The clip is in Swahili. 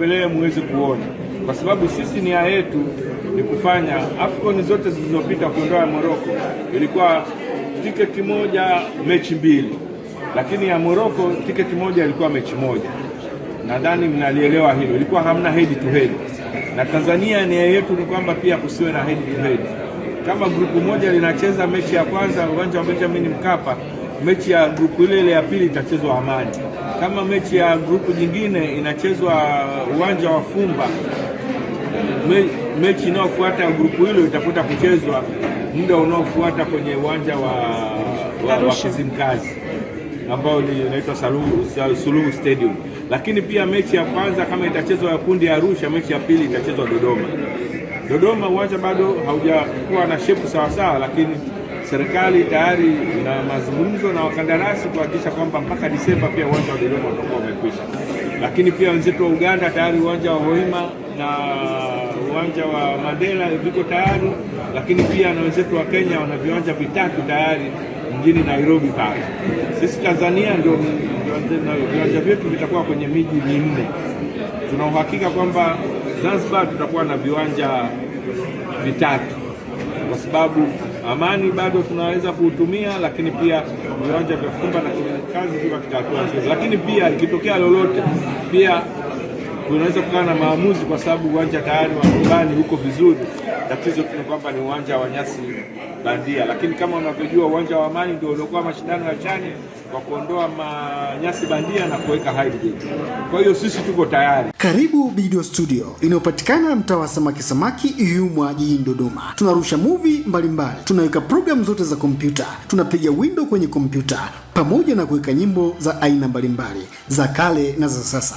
mtembelee muweze kuona, kwa sababu sisi nia yetu ni kufanya AFCON zote zilizopita kuondoa ya Moroko ilikuwa tiketi moja mechi mbili, lakini ya Moroko tiketi moja ilikuwa mechi moja. Nadhani mnalielewa hilo, ilikuwa hamna head to head, na Tanzania nia yetu ni kwamba pia kusiwe na head to head. Kama grupu moja linacheza mechi ya kwanza uwanja wa Benjamin Mkapa, mechi ya grupu ile ile ya pili itachezwa Amani kama mechi ya grupu jingine inachezwa uwanja wa Fumba, me, mechi inayofuata ya grupu hilo itakuta kuchezwa muda unaofuata kwenye uwanja wa, wa, wa Kizimkazi ambao inaitwa Suluhu Stadium. Lakini pia mechi ya kwanza kama itachezwa ya kundi ya Arusha, mechi ya pili itachezwa Dodoma. Dodoma uwanja bado haujakuwa na shepu sawasawa, lakini serikali tayari ina mazungumzo na wakandarasi kuhakikisha kwamba mpaka Disemba pia uwanja wa Dodoma utakuwa umekwisha. Lakini pia wenzetu wa Uganda tayari uwanja wa Hoima na uwanja wa Mandela viko tayari, lakini pia na wenzetu wa Kenya wana viwanja vitatu tayari mjini Nairobi pale. Sisi Tanzania ndio viwanja vyetu vitakuwa kwenye miji minne. Tuna uhakika kwamba Zanzibar tutakuwa na viwanja vitatu kwa sababu Amani bado tunaweza kuutumia, lakini pia viwanja vya Fumba na kazi viko katika hatua lakini pia ikitokea lolote pia unaweza kukaa na maamuzi kwa sababu uwanja tayari wa nyumbani huko vizuri. Tatizo tu ni kwamba ni uwanja wa nyasi bandia, lakini kama unavyojua uwanja wa Amani ndio uliokuwa mashindano ya chani kwa kuondoa manyasi bandia na kuweka hydrogen. Kwa hiyo sisi tuko tayari. Karibu video studio inayopatikana mtaa wa samaki samaki Ihumwa jijini Dodoma. Tunarusha movie mbalimbali, tunaweka programu zote za kompyuta, tunapiga window kwenye kompyuta pamoja na kuweka nyimbo za aina mbalimbali za kale na za sasa.